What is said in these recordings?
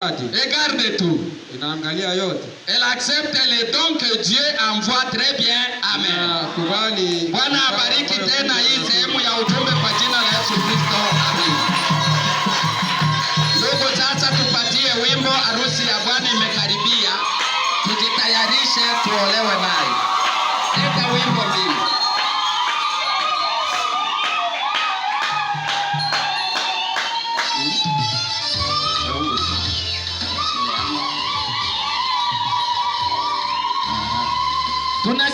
Regardez eh, tout. Inaangalia yote. Elle accepte les dons que Dieu envoie très bien. Amen. Kubali. Bwana abariki tena hii sehemu ya ujumbe kwa jina la Yesu Kristo. Amen. Ndugu, sasa tupatie wimbo, harusi ya Bwana imekaribia. Tujitayarishe tuolewe naye.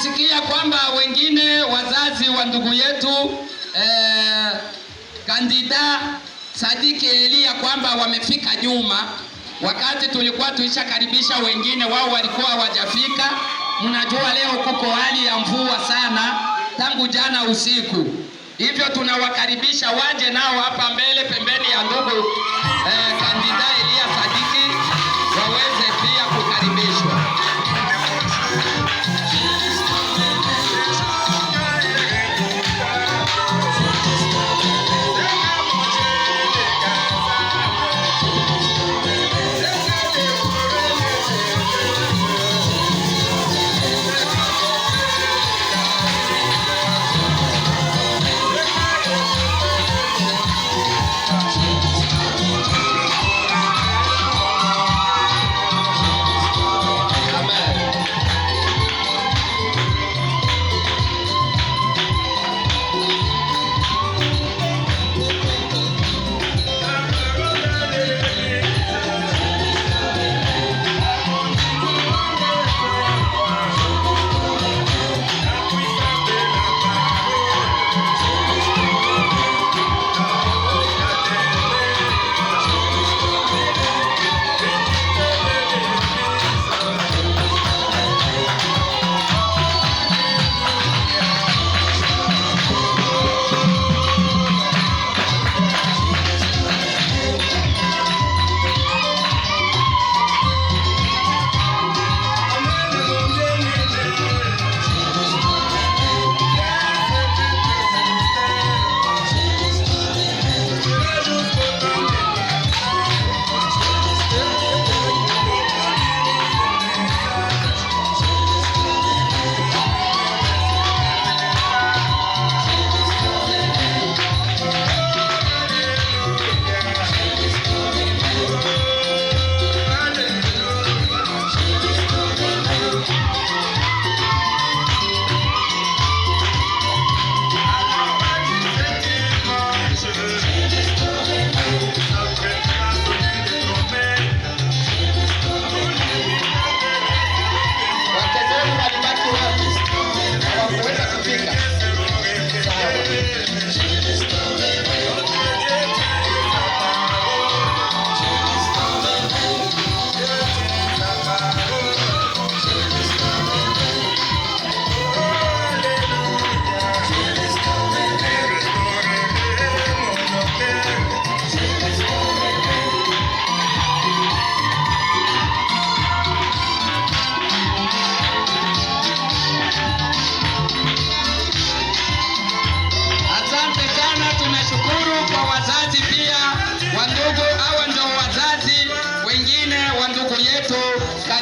Tunasikia kwamba wengine wazazi wa ndugu yetu eh, kandida Sadiki Elia kwamba wamefika nyuma, wakati tulikuwa tuishakaribisha wengine, wao walikuwa hawajafika. Mnajua leo kuko hali ya mvua sana tangu jana usiku, hivyo tunawakaribisha waje nao hapa mbele pembeni ya ndugu eh, kandida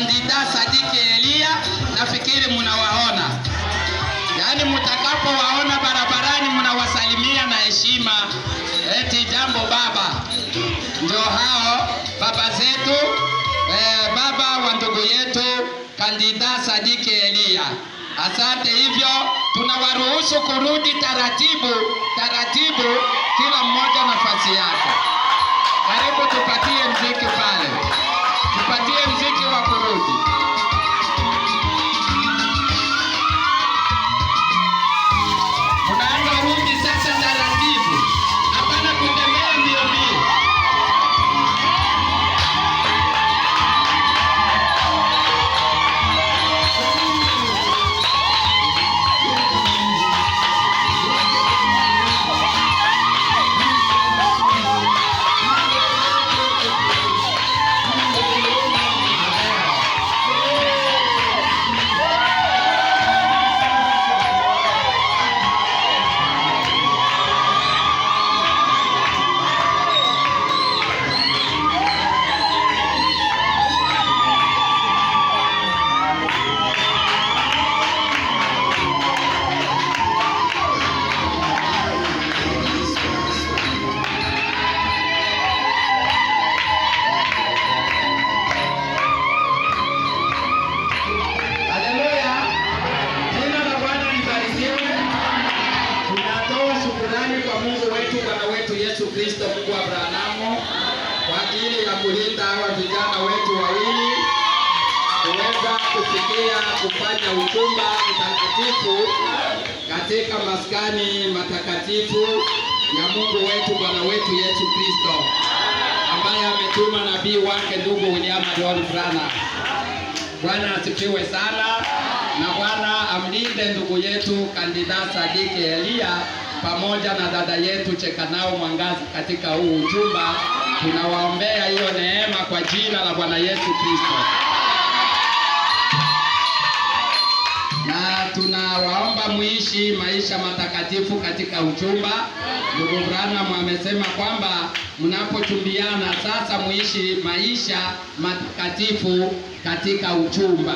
kandida Sadiki Elia, nafikiri mnawaona, yaani mtakapowaona barabarani mnawasalimia na heshima, eti jambo baba. Ndio hao baba zetu, eh, baba wa ndugu yetu kandida Sadiki Elia. Asante. Hivyo tunawaruhusu kurudi taratibu taratibu, kila mmoja nafasi yake. Kristo Mungu Abrahamu kwa ajili ya kulinda hawa vijana wetu wawili kuweza kufikia kufanya uchumba mtakatifu katika maskani matakatifu ya Mungu wetu Bwana wetu Yesu Kristo ambaye ametuma nabii wake ndugu William John Brana. Bwana asifiwe sana na Bwana amlinde ndugu yetu Kandida Sadiki Elia pamoja na dada yetu Chekanao Mwangazi katika huu ujumba. tunawaombea hiyo neema kwa jina la Bwana Yesu Kristo, na tunawaomba muishi maisha matakatifu katika uchumba. Ndugu Branham amesema kwamba mnapochumbiana sasa muishi maisha matakatifu katika uchumba.